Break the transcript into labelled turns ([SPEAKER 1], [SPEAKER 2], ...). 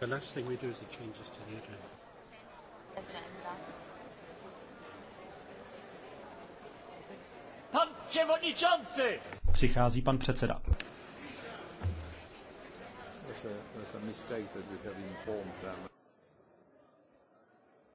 [SPEAKER 1] The last thing we do is the changes to the agenda. Agenda.
[SPEAKER 2] Pan převodničanci!
[SPEAKER 3] Přichází pan předseda. There's
[SPEAKER 4] a, there's a mistake that we have informed them.